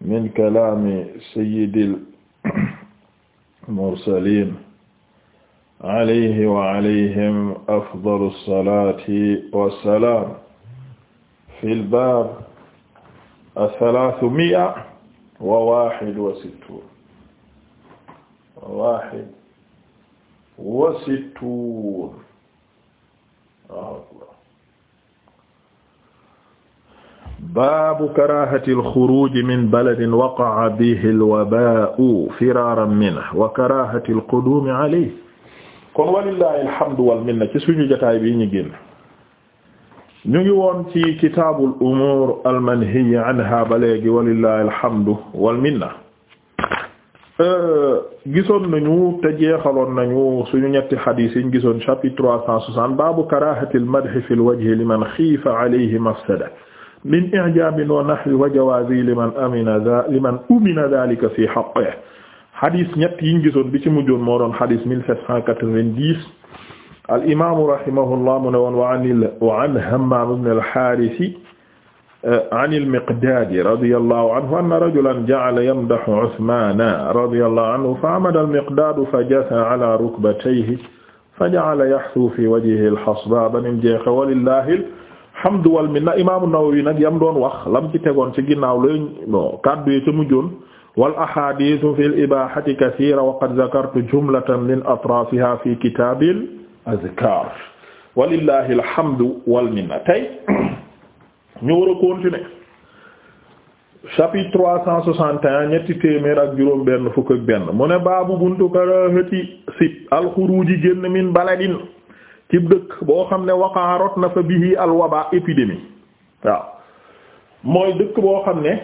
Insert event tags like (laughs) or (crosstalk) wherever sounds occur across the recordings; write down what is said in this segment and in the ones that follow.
min kalaami sayyidil mursaliin alayhi wa alayhim afdalu salaati wa salaam fil baab asalaasu mi'a wa waaxid wa sittuun waaxid wa sittuun baabu karaahati alxuruuji min baladin waqa'a bihi alwabaa'u firaaran minhu wa karaahati alquduumi alayhi minna ci suñu jotaay bii ñu génn ñu ngi woon ci kitaabul umuur almanhiyyi anhaa ba léegi walillaahi alhamdu wal minna euh, gisoon nañu te jeexaloon nañu suñu ñetti xadiis yi ñu gisoon chapitre 360 baabu karaahati almadhi fil wajhi liman xiifa alayhi mafsada min i'jaabin wa nahwi wa jawaazi liman amina dha liman umina dhalika fi haqqihi hadith ñett yiñ gisoon bi ci mujjoon moo doon hadith 1790 al imaamu rahimahullah mu ne woon wa an wa an hammaam ibn al haarisi eh, an al miqdaadi radiyallahu anhu anna rajulan ja'ala yamdahu usmaana radiyallahu anhu fa'amada al miqdaadu fajatha ala rukbatayhi faja'ala yahsu fi wajhihi al hasbaa ba nim jeexe walillahi hamdu wal minna imaamu Nawawi nag yam doon wax lam ci tegoon ci ginnaaw lay kàddu yi ca mujjoon wal ahadisu fi l ibahati kathira zakartu jumlatan min atrafiha fi kitabil azkar walillahi alhamdu wal minna tey (clears throat) ñu war a continuer chapitre trois cent soixante un ñetti téeméer ak juróom benn fukk benn mu ne baabu buntu karahati sib alxuruji génn min baladin ci dëkk boo xam ne waqaa rot na fa bihi al waba waaw mooy dëkk boo xam ne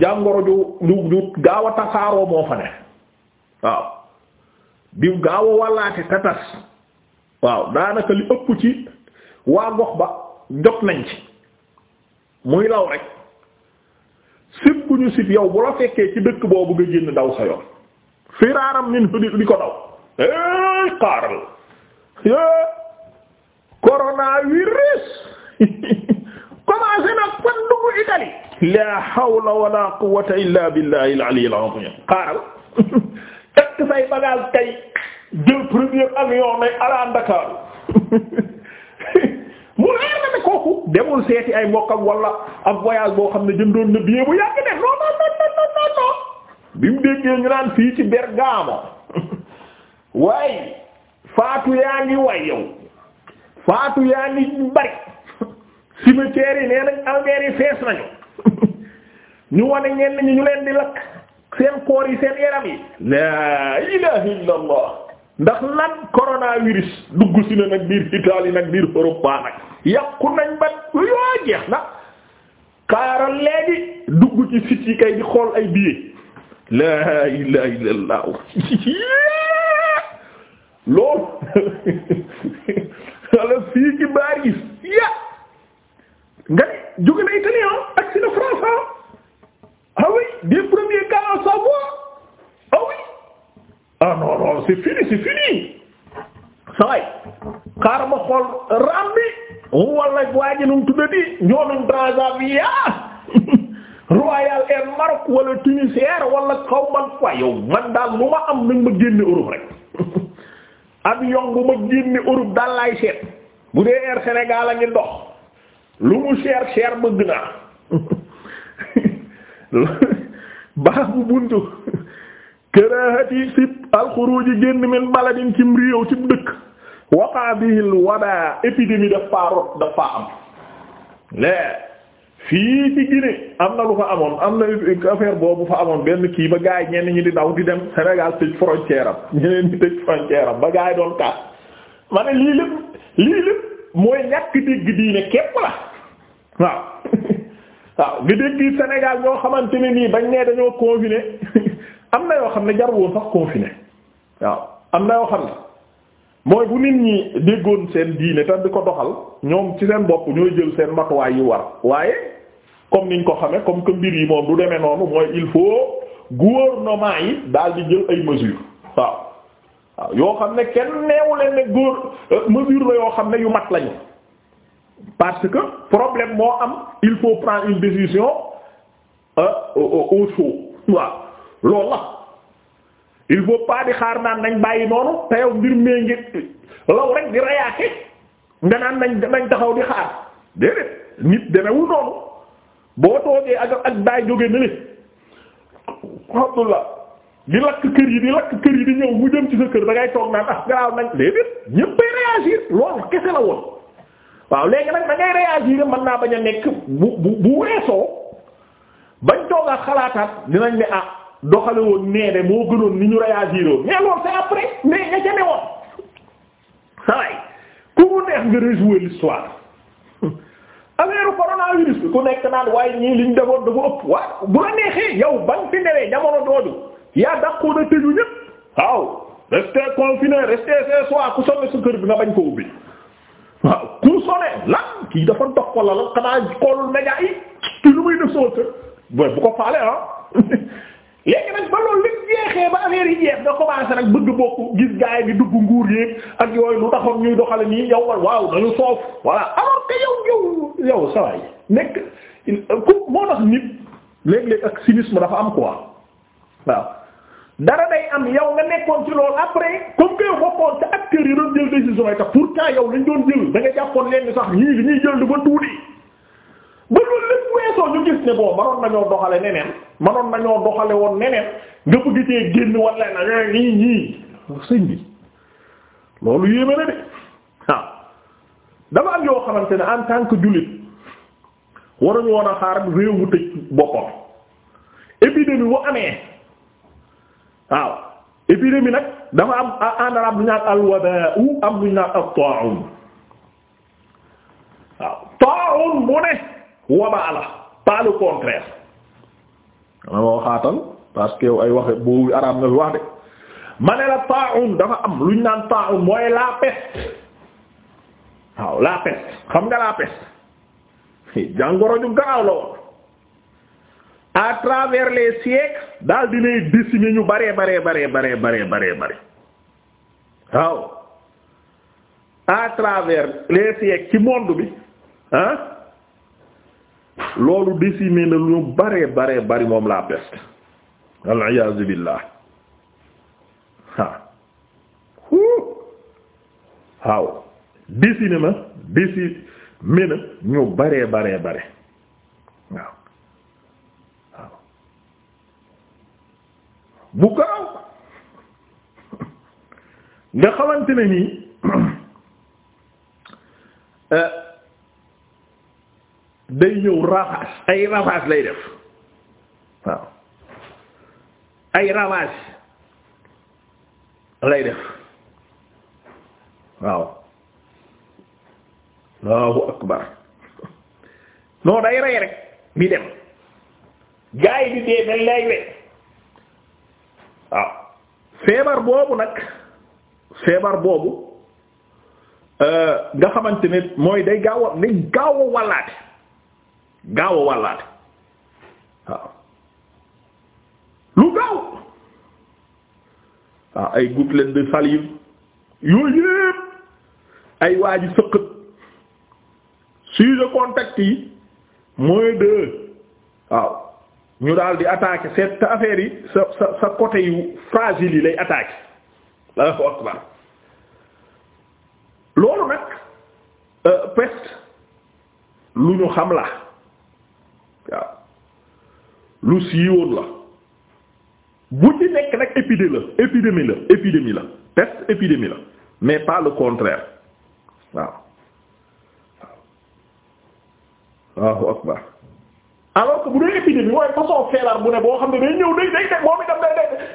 jàngoro ju ju ju gaaw tasaaroo moo fa ne waaw di gaaw a te tas waaw daanaka li ëpp ci waa gox ba jot nañ ci muy law rek sib ku ñu sib yow bu la fekkee ci dëkk boobu nga génn daw sa yoon firaaram min di ko daw xaaral coronavirus (laughs) commencé na kon dugg Italie la hawla wala quwwata illa billahi al-ali al-azim xaaral (laughs) takk say bagage tay jël premier avion nay ala Dakar (laughs) mu leer na ne kooku demul seeti ay mbokkam wala ak voyage boo xam ne jëndoon na billet bu yàgg def non non non non non non bi mu déggee ñu fii ci Bergamo waaye faatu yaa ngi way yow faatu yaa ngi bari cimetière yi nee nañ almeer yi fees nañu ñu wane ñenn ñi ñu leen di lakk seen koor yi seen yaram yi laa ilaha ndax lan coronavirus dugg si na nag biir Italie nag biir Europe ba nag yàqu nañ ba yoo jeex na kaaral léegi dugg ci sit yi kay di xool ay billet laa ilaha loolu wala fii ci Paris ya nga ne jóge na Italie ak ah, si na France ah. ah oui des premiers cas à savoir ah ah non non c'est fini c'est fini saway xaaral ma xool ram bi wala waa ji (laughs) Royal Air Maroc wala Tunisair wala xaw man fa yow man daal lu ma am nañ ma génne Europe rek. avion bu ma génne Europe daal laay seet bu dee air Sénégal a ngi dox lu mu cher cher bëgg naa (laughs) baabu buntu karaahati sib alxuruuji génn min baladin cim réew cim dëkk waqaa bihil wadaa épidémie daf faa am lee fii ci Guinée am na lu fa amoon am na affaire boobu fa amoon benn kii ba gaay ñenn ñi di daw di dem Sénégal tëj frontière am (laughs) ñeneen ñi tëj frontière am ba gaay doon kaas ma ne lii lépp lii lépp mooy ñàkk dégg diine képp la waaw (laughs) waaw nga dégg Sénégal ñoo xamante nii bañ nee dañoo confiné (laughs) am na yoo xam ne jar woon sax confiné waaw am na yoo xam ne mooy bu nit ñi déggoon seen diine te di ko doxal ñoom ci seen bopp ñooy jël seen matuwaay yi war waaye comme niñ ko xamee comme que mbir yi moom du demee noonu mooy il faut gouvernement yi daal di jël ay mesures waaw waaw yoo xam ne kenn neewu leen ne góor euh, mesure la yoo xam ne yu mat lañu parce que problème moo am il faut prendre une décision euh, au waaw loolu la il faut pas di xaar naan nañ bàyyi noonu te yow mbir mee ngi law rek di rayaate nga naan nañ nañ taxaw di xaar déedéet nit demewul noonu boo toogee ak ak daay jóge na li alhamdulillah di lakk yi di lakk kër yi di ñëw mu toog naan ah garaaw nañ loolu kese la woon waaw léegi nag da ngay naa bañ a nekk bu bu weesoo bañ toog a dinañ ne ah. doxale woon neene moo gënoon ni ñu réagir woon mais loolu c'est après mais nga jame woon saway ku mu neex nga rejouer l'histoire affaire coronavirus ku nekk naan waaye ñii liñ defoon dafa ëpp waa bu la neexee yow ban fi newee jamono doodu yaa dàqoon a tëju ñëpp waaw restez confinés restez chez ku sonne sa kër bi nga bañ ko ubbi waaw ku sonne lan kii dafa dox wala la xanaa xoolul média yi kii lu muy def soo kër bu ko faale ah (laughs) léegi nag ba loolu lépp jeexee ba affaire yi jeex nga commencé nag bëgg bokk gis gaay bi dugg nguur yeeg ak yooyu lu taxoon ñuy doxale nii yow waaw dañu soof voilà alors que yow yow yow sawaay nekk euh, ku moo tax nit léeg-léeg ak cynisme dafa am quoi waaw dara day am yow nga nekkoon ci loolu après comme que yow bokkoon te acteurs yi doon jël décision yi doon jël da nga jàppoon leen ni sax ñii li ñuy jël dafa tuuti ba loolu lépp weesoo ñu gis ne bon manoon nañoo doxale neneen manoon nañoo doxale woon neneen nga bëgg cee génn walla na ñii ñii sëñ bi loolu yéeme de waaw dafa am yoo xamante ne en tant que jullit waruñu woon nag dafa am en arabe lu ñu am lu ñu naan at waaw taa'un bu ne. wabaa la pas le contraire ma moo parce que ay waxe boobu araam nga fi wax de ma ne la taa'un dafa am lu ñu naan taa'un mooy la peste waaw la peste xam nga la peste jàngoro ju garaaw la woon à travers les siècles daal dinay décimer ñu bare bare bare bare bare bare bare waaw à travers les siècles ci monde bi loolu décimé na lu ñu bare bare bari moom la peste al iyaazu billah ha waaw décimé na décimé na ñu bare bare bare waaw waaw bu nga xamante nii (clears throat) eh, day ñëw ravage ay ravage lay def waaw ay ravage lay def waaw Allahu akbar non day rey rek mi dem gaay bi dee dañ we feebar boobu nag feebar boobu euh, nga xamante ne mooy day gaaw a day gaaw gaaw a wàllaate waaw lu gaaw waaw ay gouttelettes de salive yooyu yépp ay waa ji sëqët sujet contact yi mooy de waaw ñu daal di attaquer cette affaire yi sa sa sa côté yu fragile yi lay attaquer Allahu loolu nag euh, peste lu ñu xam la waaw lu siiwoon la bu nekk nag épidémie la épidémie mais pas le contraire alors bu dee épidémie mooy façon feebar bu ne boo xam ne day ñëw day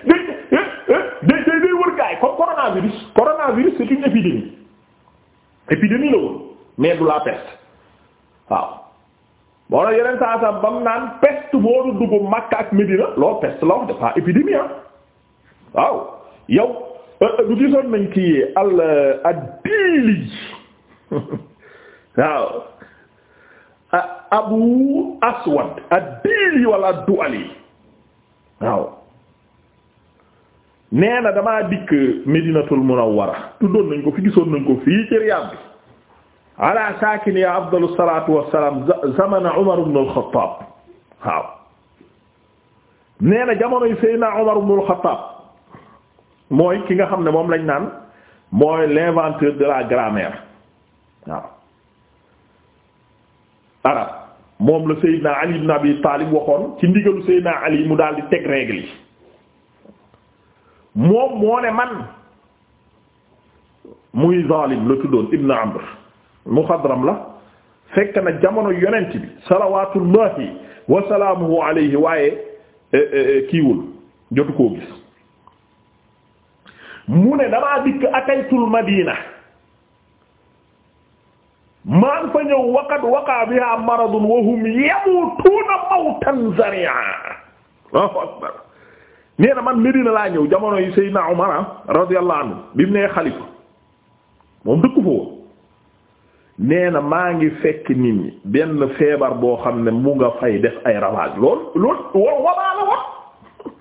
day day comme coronavirus coronavirus c'est une épidémie mais du la peste waaw moo la yeneen saa saam ba mu naan peste boo du dugg ak Medina loolu peste la wax dafa épidémie waaw yow euh, euh, du gisoon nañ kii al euh, ad (laughs) waaw Abu Aswad ad-Dili wala ad waaw nee na damaa dikk Medinatul Munawwara tuddoon nañ ko fi gisoon nañ ko fii ci Riyad bi ala saakini ya afdalu salaatu wassalaam zamana Umar ibn al waaw nee na jamonoy Seydina Umar ibn al mooy ki nga xam ne moom lañ naan mooy l'inventeur de la grammaire waaw arab moom la Seydina Ali ibn Abi waxoon ci ndigalu Seydina Ali mu daal di teg règle moom moo ne man muy zalim la tuddoon Ibn Amr muxadram la fekk na jamono yonent bi salawaatullahi wa salaamuhu alayhi waaye eh, eh, eh, kiiwul jotu koo gis mu ne damaa dikk ataytul madina maa ngi fa ñëw waqad waqa biha maradun wa hum yamutuuna mawtan zari'a Allahu akbar nee na man Medina laa ñëw jamono yi Seydina Umar ah, radiyallahu anhu bi mu nee xalifa moom dëkk foofu nee na maa ngi fekk nit ñi benn feebar boo xam ne mu nga fay def ay ravage lool lool wa- wax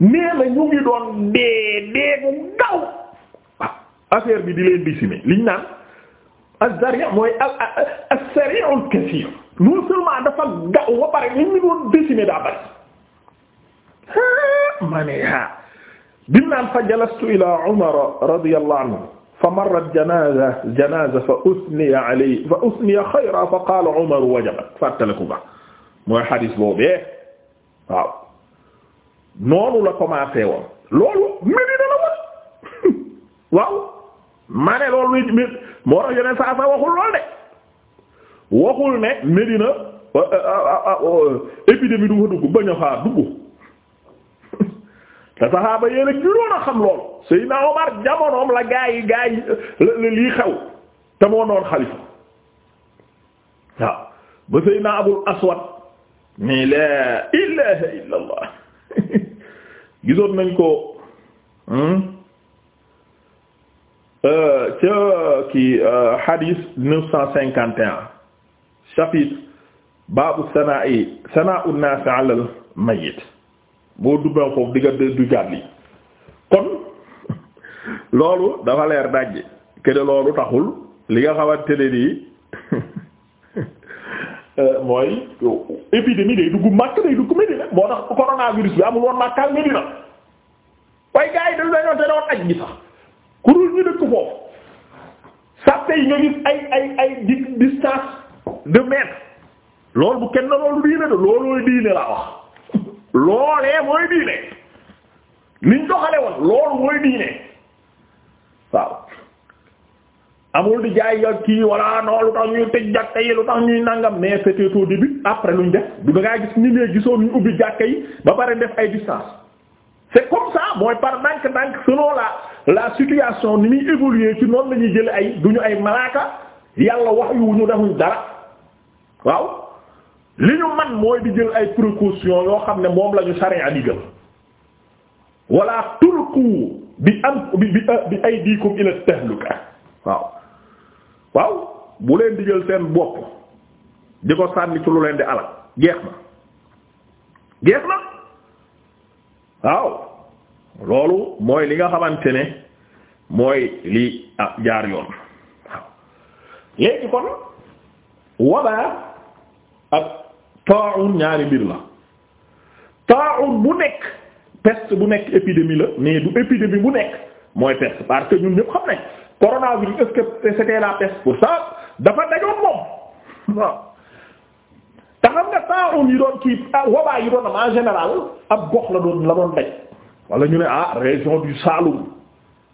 nee ñu ngi doon dee dee bu gaw ah, bi di leen décimer liñ naan az-zari' mooy as-sari' al-kathir non seulement dafa gaw ba pare liñ ñu doon décimer daa bari ah, ma ne haa ah. bi naan fa jalastu ila Umar radiyallahu anhu fa marrat janaza janaza fa usniya alay fa usniya xayra fa qaala Umar wajabat fàttaliku ba mooy xadis boobee waaw noonu la commencé woon loolu Medina la woon (laughs) waaw ma ne loolu lu mi moo tax yeneen saa sa waxul lool de waxul ne Medina euh, euh, euh, épidémie du fa dugg bañ a faa dugg te saxaaba yéena gënoon a xam lool Seydina Omar jamonoom la gaa yi gaa yi la lii xew te moo noon xalifa waaw ba Seydina Abul Aswad mi laa ilaaha illallah (laughs) gisoon nañ ko hmm? euh, ca kii euh, hadith neuf cent cinquante et un chapitre baabu sanaa'i sanaa'u naas ala al mayyit boo duggal foofu di du duggaat lii kon (laughs) loolu dafa leer dajj kene loolu taxul li nga xamante ne nii (laughs) euh, mooy épidémie day dugg Makka day dugg Medina moo tax coronavirus bi amul woon Makka ak Medina waaye gars yi dañu dañoo te doon aj gi sax kurul ñu dëkk foofu sàppe yi nga gis ay ay ay distance de mètre loolu bu kenn loolu diine de loolooy diine laa wax loolee mooy diine liñ doxale woon loolu mooy diine waaw amul di jaay ya kii walla noonu lu tax ñuy tëj jàkka yi lu tax ñuy nangam mais c'était au début après ñu def du da ngaa gis ni ne gisoo ñu ubbi jàkka yi ba pare def ay distance c'est comme ça mooy par ndànk-ndànk selon la la situation ni muy évoluer ci noonu lañuy ñuy jële ay du ñu ay malaaka yàlla wax yu ñu defuñ dara waaw li ñu man mooy di jël ay précaution yoo xam ne moom lañu sariya digal wala turku bi am bi bi ay diikum ila tahluka waaw waaw bu leen di jël seen bopp di ko sànni ci lu leen di alal geex na geex na waaw loolu mooy li nga xamante ne mooy li ah jaar yoon léegi kon wabaa ak taa'un ñaari mbir la taa'un bu nekk peste bu nekk épidémie la mais du épidémie bu nekk mooy peste parce que ñun ñëpp xam nañ coronavirus est-ce que la peste pour ça dafa dajoon moom te xam nga taa'un yi doon kii ah, wabaa yi doon am en général ab gox la doon la doon daj wala ñu ne ah région du Saloum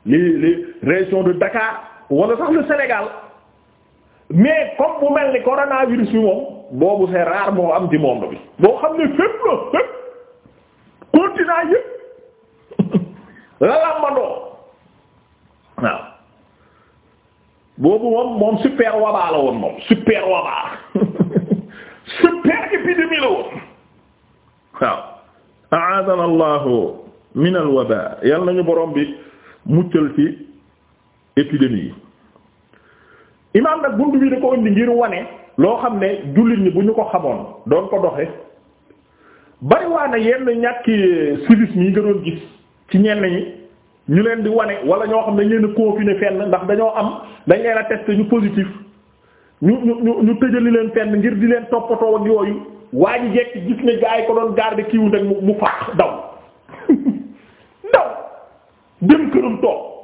les les régions de Dakar wala sax le Sénégal mais comme bu mel ni coronavirus bi moom. boobu c'est rare moo am ci monde bi boo xam ne fépp la fépp continent yëpp (laughs) la làmbandoo waaw boobu moom moom super wabaa la woon moom super wabaa (laughs) super épidémie la woon waaw a'adana allahu min al yal nañu borom bi muccal ci épidémie yi imaam nag buntu bi da ko indi ngir wane loo xam ne jullit ñi bu ñu ko xamoon doon ko doxe bariwaane yenn ñàkki civisme yi nga doon gis ci ñenn ñi ñu leen di wane wala ñoo xam ne dañ leen confiné fenn ndax dañoo am dañ leen a testé ñu positif ñu ñu ñu ñu tëjali leen fenn ngir di leen toppatoo ak yooyu waa ji jekk gis ne gaa yi ko doon garder kiiwu rek mu mu faax daw (laughs) daw dem këram toog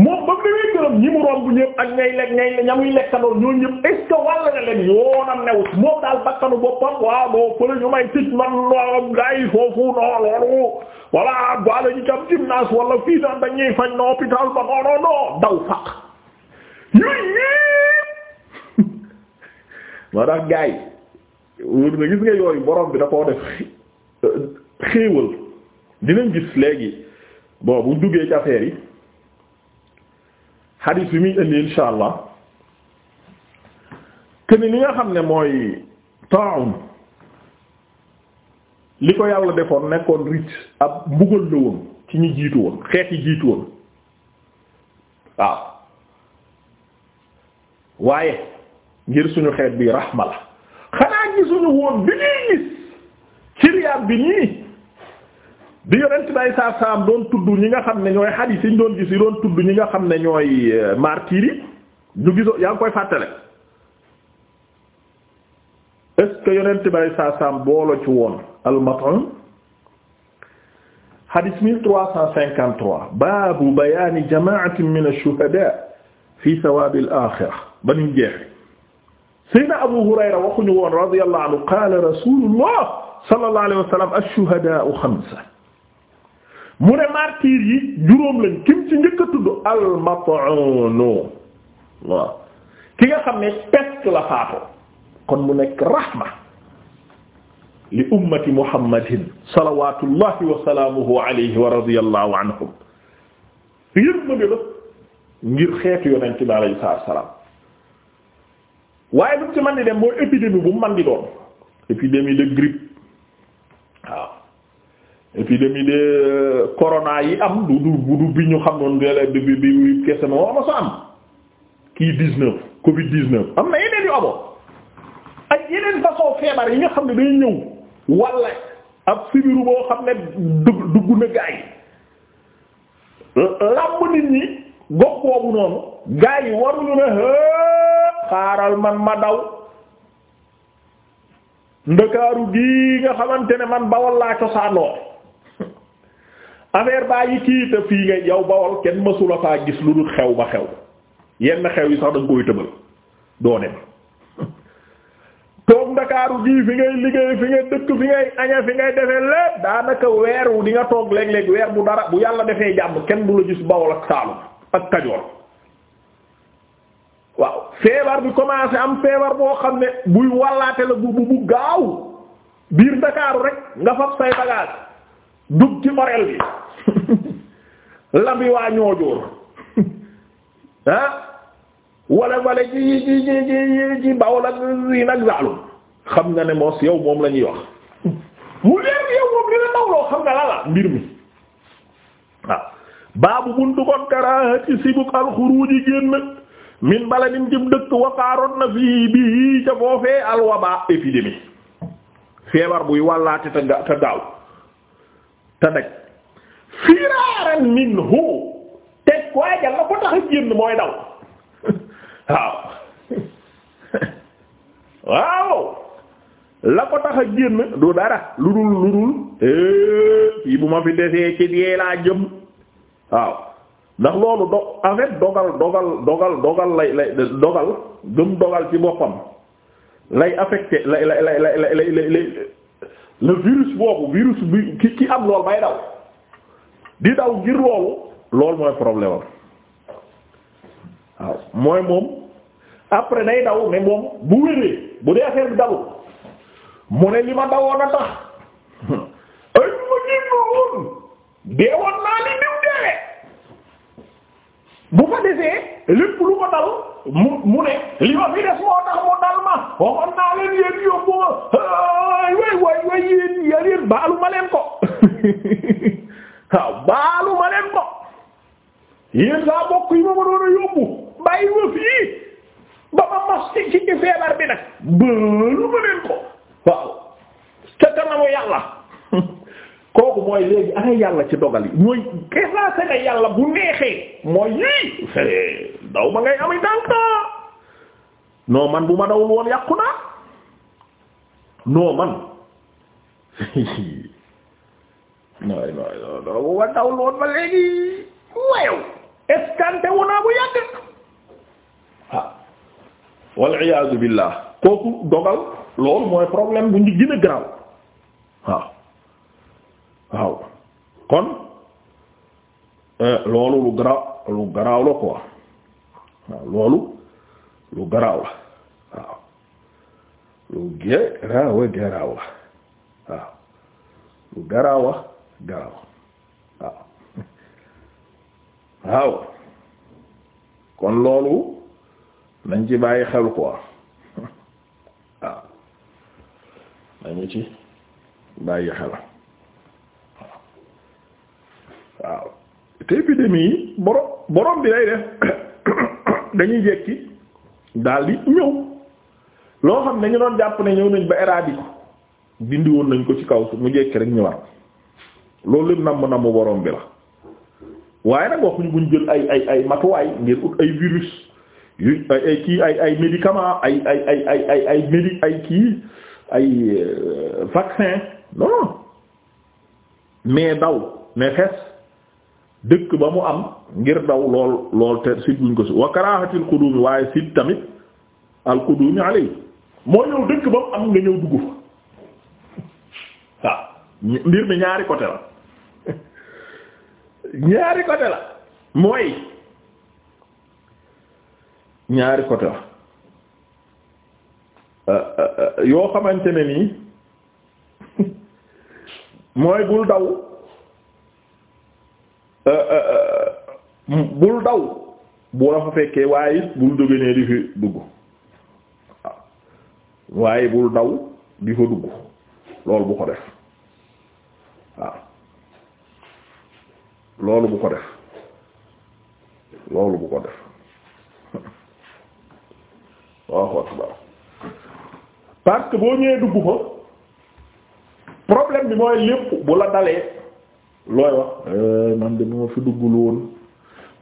moom ba mu demee këram ñi mu romb ñëpp ak ñay lekk ñay ñamuy lekkandoo ñoo ñëpp est ce que wàll na foofu non loolu voilà baale ñu jam gymnase wala fii daan dañuy fañ na hôpital ba non non daw faq yooyu yëpp (laughs) gis nga yooyu borom bi da koo def euh, xéewal dinañ gis léegi bon bu duggee ci xadiis bi muy indi insha allah keni li nga xam ne mooy taawun li ko yàlla defoon nekkoon rit ab mbugal la woon ci ñi jiitu woon xeet yi jiitu woon waaw waaye ngir suñu xeet bi raxma la xanaa gisuñu woon bi ñuy gis ci bi nii bi yonent bay saa saam tudd ñi nga xam ne ñooy xadiis yi ñu doon gis yi doon tudd ñi xam ne ñooy euh, martyrs yi ñu gisoo yaa ngi koy fàttale est-ce que yonent bay saa saam boolo al-Mat'un xadiis 1353 baabu bayaani jamaatin min ash-shuhadaa fi sawaabil aaxira ba ñu jeexe Seydina Abu Hurayra waxuñu woon radiyallahu anhu qaala rasuulullah sallallahu alayhi wa sallam ash-shuhadaa'u xamsa mu ne yi juróom la kim ci al-mat'un ki nga xam ne peste la faatoo kon mu nekk rahma li ummati muhammadin salawatullahi wa salaamuhu alayhi wa radiyallahu anhum yërmande la ngir xeetu yonent bi alayhi salaatu wa salaam waaye bu ci man di dem mooy épidémie bu mu man di doon épidémie de grippe épidémie de euh, corona yi am du du du bi ñu xam noonu délai bi bi kese ma wax sa am kii 19 Covid 19 am na yeneen yu amoon ak yeneen façon feebar yi nga xam ne day ñëw walla ab sibiru boo xam ne dugg dugg na gaa yi làmb nit ñi gox boobu noonu gaa yi waruñu ne xaaral man ma daw ndakaaru gi nga xamante ne man bawal laa cosaanoo. affaire baa yi kii fii ngay yow bawol kenn mësula faa gis lu dul xew ba xew yenn xew yi sax da nga koy tëbal doo dem (laughs) toog ndakaaru gii fi ngay liggéey fi ngay dëkk fi ngay aña fi ngay defee lépp daanaka weer wu di nga toog léeg-léeg weer bu dara bu yàlla defee jàmm kenn du la gis bawol ak saalum ak kajoor waaw feebar bi commencé am feebar boo xam ne buy wàllaate la bu bu gaaw biir ndakaaru rek nga fab say bagage dugg ci moreel bi (laughs) labi waa ñoojoor (laughs) ah wala wala ci ci ci ci ci ak yi nag Saalum xam nga ne moos yow moom la wax (laughs) mu leer yow moom li la nawloo xam nga la la mbir mi ah. baabu buntu kon karaahati sibuk alxuruuji génn min baladin ci dëkk waqaaroon na fii bii ca foofee alwabaa épidémie feebar buy wàllaate te gaaw te nag firaaran minhu te waajal la ko tax a génn mooy daw (laughs) waaw (laughs) waaw la ko tax a génn du dara lu dul lu dul eh, fii bu ma fi desee ci dee laa jëm waaw ndax loolu do en dogal dogal dogal dogal lay lay dogal gëm dogal ci boppam lay affecté lay lay lay lay lay le virus boobu virus bi ki ki am lool bay daw di daw ngir loolu loolu mooy problème mooy moom après day daw ne moom bu wéree bu dee affaire bi dawul mu ne li ma dawoon a tax (laughs) ay ma génn woon deewoon naa li niw deewee bu ko defee lépp lu ko mu mu ne li ma fi des moo tax mu dal ma waxoon naa leen yéen yóbbu ma way way way yéen yal yéen baalu ma leen ko (laughs) waaw baalu ma leen ko yéen saa bokk yi ma ma doon a yóbbu bàyyi fii ba ma mas ci ci feebar bi baalu ma leen ko waaw ca kanamu yàlla kooku mooy léegi ana yàlla ci dogal yi mooy kesa na yàlla bu neexee mooy yii daw ma ngay amee ndànk non man bu ma dawul woon yàqu naa non man nooy (laughs) nooy non bu ma dawul woon léegi wayow escanté wu naa bu yàgg ah iyaazu billah kooku dogal loolu mooy problème bu ñu gën a graw waaw kon euh, loolu lu garaaw lu garaaw ko quoi waaw loolu lu garaaw la waaw lu garaawa garaaw la waaw lu garaawa garaaw waaw (laughs) waaw kon loolu dañ ci bàyyi xel ko (laughs) waaw nañu ci bàyyi xel waaw te épidémie yi borom borom bi day def (coughs) dañuy jekki daal ñëw loo xam ne ñu doon jàpp ne ñëw nañ ba éradiquer ko dindi woon nañ ko ci kaw mu jekki rek ñëwaat loolu lépp namm namm borom bi la waaye nag waxuñu bu ñu jël ay ay ay matuwaay ngir ut ay virus yu ay ay kii ay ay médicament ay ay ay ay ay ay médi ay kii ay euh, vaccin non mais daw mais fees dëkk ba mu am ngir daw lool lool te sit buñ ko si wa karaahatil waaye sit tamit al qudumi alay moo ñëw dëkk ba mu am nga ñëw dugg fa mbir mi ñaari côté la (laughs) ñaari côté la mooy ñaari côté la euh, euh, euh, yoo xamante ne nii (laughs) mooy bul daw Euh, euh, euh, bul daw bu la fa fekkee waaye bul jóge ne di fi dugg waaye bul daw di fa dugg loolu bu ko def waaw loolu bu ko def loolu bu ko def waaw waaw waaw parce que boo ñëwee dugg fa problème bi mooy lépp bu la dalee. looy wax euh, man de ma fi duggul woon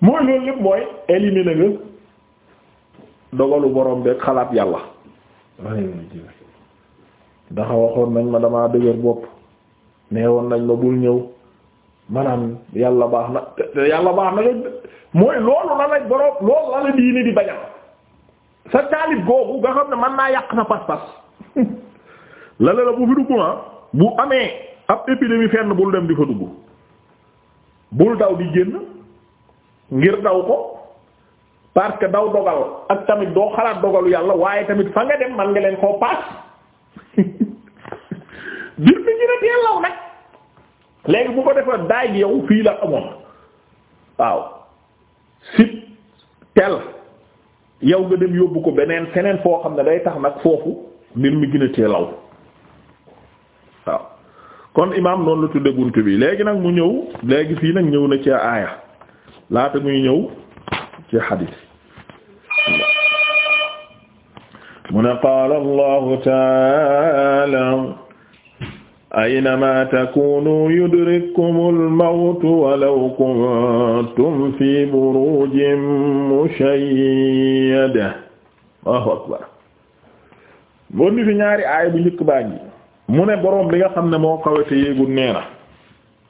mooy loolu lépp mooy éliminer nga dogalu borom beeg xalaat yàlla ndaxa waxoon nañ ma damaa dëgër bopp nee woon nañ ma bul ñëw maanaam yàlla baax na yàlla baax na mooy loolu na la borom loolu la la diine di bañal sa taalib googu nga xam ne mën naa yàq sa pas-pas la (laughs) la la bu fi dugg ah. bu amee ab épidémie fenn bul dem di fa dugg bul daw di génn ngir daw ko parce que daw dogal ak tamit doo xalaat dogalu yàlla waaye tamit fa nga dem man nga leen koo paas (laughs) biir bi gën law nag léegi bu ko defee daay gi yow fii la amoon waaw sit teel yow nga dem yóbbu ko beneen feneen foo xam ne day tax nag foofu mbir mi gën a teel law kon imaam noonu la tudde bunt bi léegi nag mu ñëw léegi fii nag ñëw na ci aaya laata muy ñëw ci ay mu ne qaala allahu taala aynama takunu yudrikkumul mawtu walaw kuntum fi burujin mushayyada allahu akbar bon fi ñaari aaya bu njëkk baa ngi mu ne boroom bi nga xam ne moo kawete yéegul nee na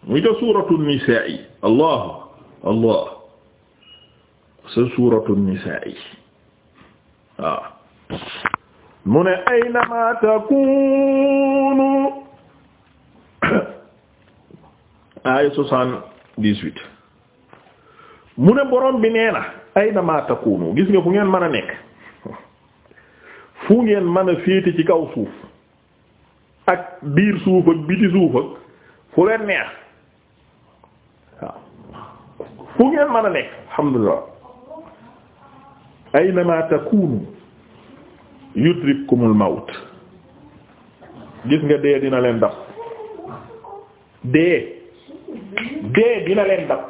mu ca suuratu nisaa yi allah allah sa suuratu nisaa yi waaw mu ne aynama takunu ay soixante dix mu ne boroom bi nee na aynama takunu gis nga fu ngeen mën a nekk fu ngeen mën a féete ci kaw suuf ak biir suuf ak biti suuf ak fu leen neex waaw fu ngeen mën a nekk alhamdulillah aynama takunu yudrikkumul mawt gis nga dee dina leen dab dee dee dina leen dab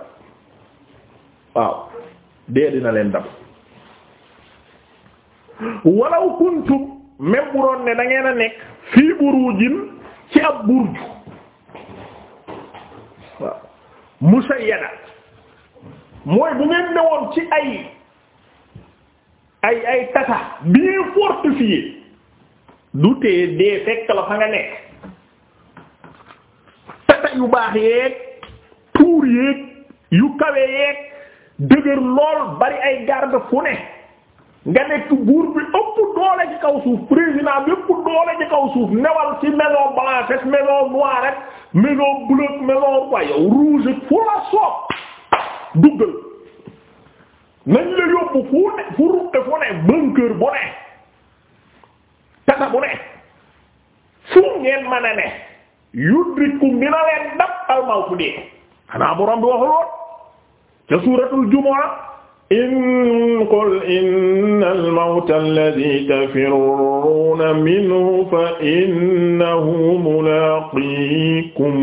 waaw dee dina leen dab walaw kuntum même bu doon ne da a nekk fii burujin ci ab burju waaw musayyada mooy bu ngeen newoon ci ay ay ay tata bien fortifié du tee dee fekk la fa nga nekk tata yu baax yeeg tuur yeeg yu kawe yeeg dëgër lool bari ay garde fu ne nga nekk buur bi ëpp doole ci kaw suuf président bépp doole ci kaw suuf newal ci maison blanche ak maison noire ak maison bleue ak fu la soob duggal nañ la yóbbu fu ne fu ruqe fu ne bunker bu ne tata bu ne fu ngeen mën a ne yudrikum dina leen dab almaw fu dee xanaa borom bi waxul woon ca suuratul jumaa in qul innal mawta alladhi tafirruuna minhu fa innahu mulaaqiikum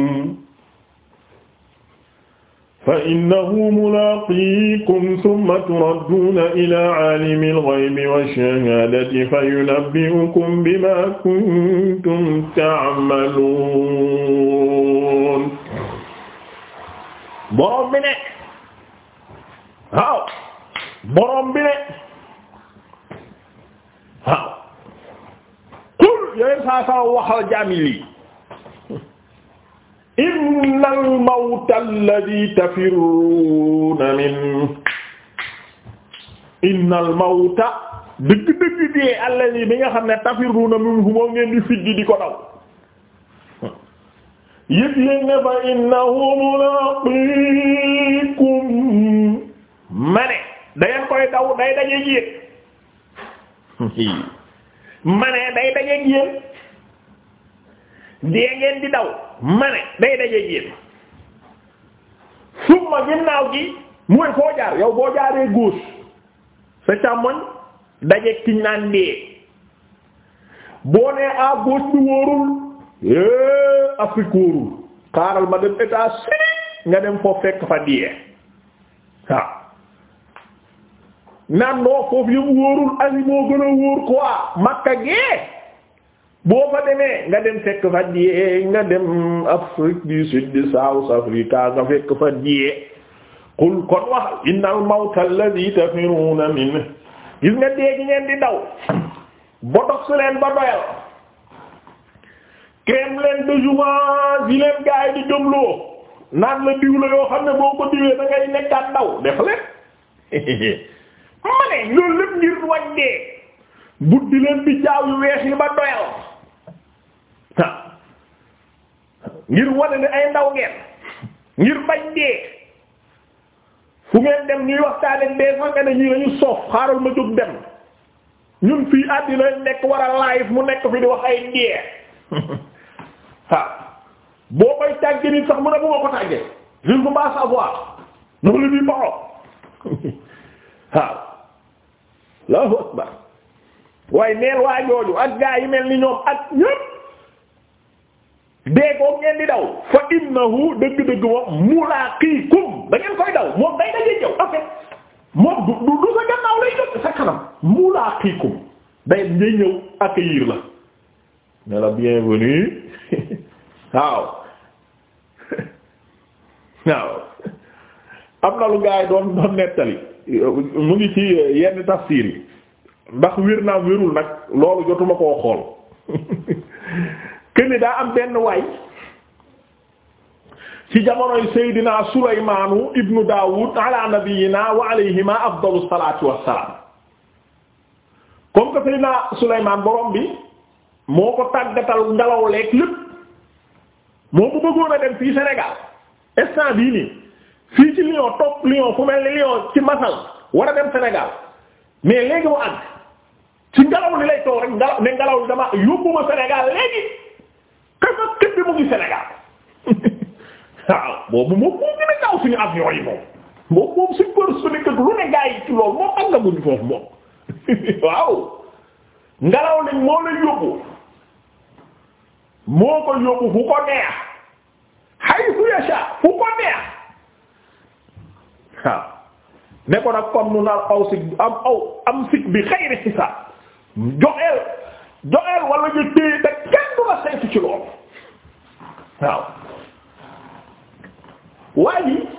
fa innahu mulaaqiikum thumma turadduuna ilaa aalimil ghaybi wash-shahaadati fayunabbi'ukum bimaa kuntum ta'maluun borom bi ne waaw qul yooyu saa saa waxal jaami lii inna al mawta alladhi min inna al mawta dëgg dëgg dee alladhi bi nga xam ne tafirruuna min hu ngeen di fiddi di ko daw yëg leen ne fa innahu mulaqiikum mane dangeen koy daw day dajeeg yéen ma ne day dajeeg yéen dee ngeen di daw ma ne day dajeeg yéen summa ginnaaw gi mooy foo jaar yow boo jaaree gauche sa càmmoñ dajeeg kiñ naan dee boo nee à gauche bi wóorul eh, Afrique wóorul xaaral ma dem états nga dem foo fekk fa dee waaw naan noo foofu yëpp wóorul asi moo gën a wóor quoi makka gee boo fa demee nga dem fekk fa jiyee nga dem Afrique du Sud di South Africa nga fekk fa jiyee qul kon wax innal mawta alladhi tafiruna minhu gis nga dee gi ngeen di daw botox leen ba doyal crème leen de jouvence yi leen gaay di jomloo naan la diw la yoo xam ne boo ko diwee da nekkaat daw def leen (laughs) ma ne loolu lépp ngir wàññee buddi leen bi jaaw yu weex yi ba doyal ngir wane ne ay ndaw ngeen ngir bañ dee fu ngeen dem ñuy waxtaane dee fa nga ne ñii lañu soof xaaral ma jóg dem ñun fii àddina nekk war a live mu nekk fi di wax ay dee waaw (laughs) boo koy tàggee nit sax mu ne bu ma ko tàggee je ne peux pas savoir noonu la ñuy waaw Allahu akbar waaye neel waa jooju ak gaa yi mel ni ñoom ak ñépp dee ko ngeen di daw fa innahu dëgg-dëgg moom mulaaqiikum da koy daw moom day daje yow en moom du du sa gannaaw lay jot sa kanam mulaaqiikum day day ñëw accueillir la ne la bienvenue (laughs) waaw (laughs) waaw am na lu gaa yi doon doon nettali. mu ngi ci euh, yenn tafsir yi ndax wér naa wérul nag loolu jotuma koo xool (laughs) këni daa am benn waay ci jamonoy Seydina Sulaymaanu ibnu Daawud ala nabiyyina wa alayhima afdalu salaatu wassalaam comme que Seydina Sulaymaan borom bi moo ko tàggatal ngelaw leeg lépp moo ko bëggoon dem fii Sénégal instant bii nii fii ci Lyon topp Lyon fu mel ni Lyon ci masal war a dem Sénégal mais léegi mu àgg ci ngelaw li lay toog rek ngelaw ne ngelaw li dama yóbbuma Sénégal léegi kër ga kër bi mu ngi Sénégal (laughs) ah, boobu moom moom dina gaaw suñu avion yi moom moom moom suñ ko suñu lu moom (laughs) waaw ngelaw li moo la yóbbu moo ko yóbbu fu ko neex haythu yasha fu ko neex. waaw ne ko nag comme nu nar aw si am aw am sik bi xayri xisaab joxeel joxeel wala ñu téye te kenn du la saytu ci loolu waaw waaye yi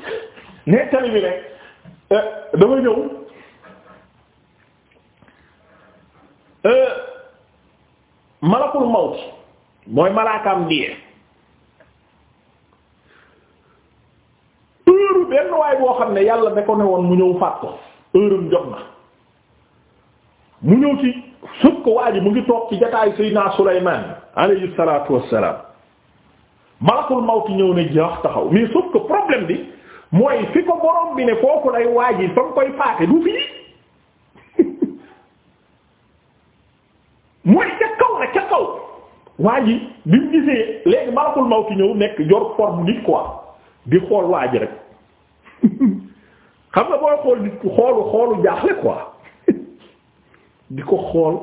nettali bi ne eh, dama ñëw eh, malakul mawt mooy malaakaam diyee heure benn waay boo xam ne yàlla da ko ne woon mu ñëw faat mu ñëw ci sut ko waa ji mu ngi toog ci jataayu Seydina Sulaymaan alayhi salaatu wassalaam malakul mawti ñëw ne jaax taxaw mais sauf que problème bi mooy fi ko borom bi ne foofu lay waaji fa nga koy faate du fii (laughs) mooy ca kaw la ca kaw waa ji bi mu gisee léegi malakul mawti ñëw nekk jor forme nit quoi di xool waa ji rek (laughs) xam nga booy xool di xoolu xoolu jaaxle quoi (laughs) di ko xool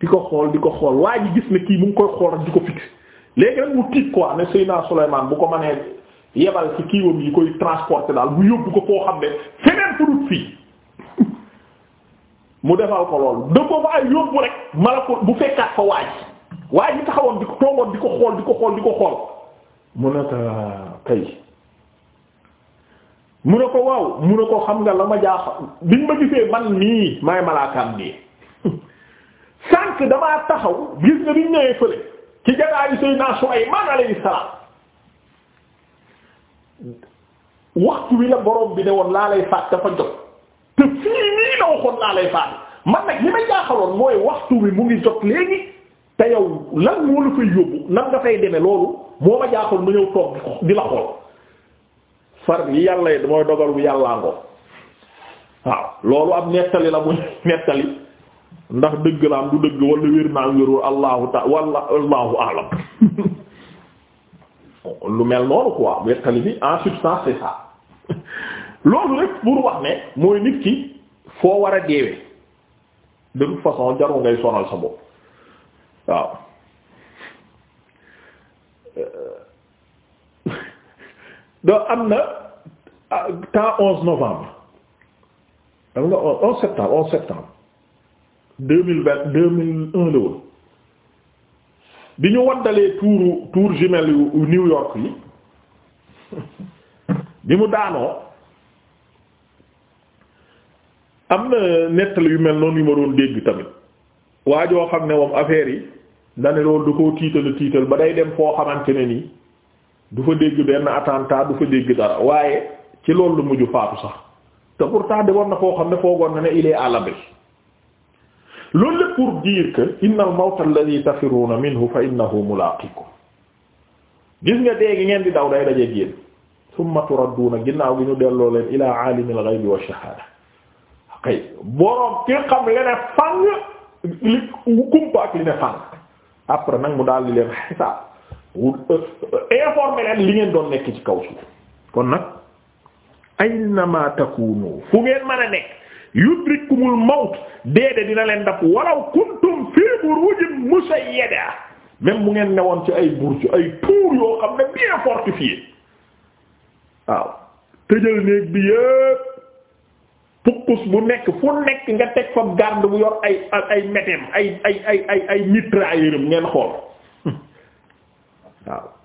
di ko xool di ko xool waa ji gis ne kii mu ngi koy xool ak di ko fixe léegi rek mu tiit quoi ne Seydina Souleymane bu ko mënee yebal ci kiiwam yi koy transporter daal mu yóbbu ko foo xam ne feneen fu dut fii (laughs) mu defal ko lool da ko fa ay yóbbu rek mala ko bu fekkaat fa waa ji ji taxawoon di ko toogoon di ko xool di ko xool di ko xool mu ne ah, kay. mu ne ko waaw mu ne ko xam nga la ma jaaxal biñ ma gisee man nii maay malaakaam nii (laughs) sànq damaa taxaw gis nga biñ ñëwee fële ci jagaayu Seydina Sulaymaan alayhi salaam waxtu wi la borom bi ne woon laa lay faat dafa jot te fii nii la waxoon laa lay faat man nag li ma jaaxaloon mooy waxtu wi mu ngi jot léegi te yow lan moo la fay yóbbu nan nga fay demee loolu moo ma jaaxal mu ñëw toog di la xool. far yi yàlla yi mooy dogal bu yàllaa ngoo waaw loolu ab nettali la muy (laughs) nettali ndax dëgg la am du dëgg wala wér naa wérul allahu ta wala allahu alam (laughs) lu mel noonu quoi nettali bi en substance c'est ça (laughs) loolu rek pour wax ne mooy nit ki foo war a deewee de toute façon jaru ngay sonal sa bopp waaw euh, do am na ah, temps onze novembre am nga onze septembre onze septembre deux mille vingt deux mille un la woon bi ñu waddalee tuuru tour jumelle yu New York yi (laughs) bi mu daanoo am na nettali yu mel noonu yu ma doon dégg tamit waajoo xam ne moom affaire yi ne loolu du ko tiital tiital ba day dem foo xamante ne nii du fa dégg benn attentat du fa dégg dara waaye ci loolu la mujj faatu sax te pourtant demoon na koo xam ne foogoon na ne il est à l'abri loolu lépp pour dire que innal mawta alladhi tafiruna minhu fa innahu mulaqikum gis nga dee ngeen di daw day dajeeg yéen summa turadduuna ginnaaw gi ñu delloo leen ilaa aalimil ghaybi wa shahaada kay boroom ki xam li ne li kumpa ak li ne fang après nag mu daal di leen xisaab Euh, euh, informé leen li ngeen doon nekk ci kaw suuf kon nag aynama takunu fu ngeen mën a nekk yudrikumul mawt déedéet dina leen daf walaw kuntum fi burujin musayyada même bu ngeen newoon ci ay burju ay tuur yoo xam ne bien fortifié waaw tëjal néeg bi yépp pukkus bu nekk fu nekk nga teg fa garde bu yor ay ay metem ay ay ay ay ay mitrailleuram ngeen xool waaw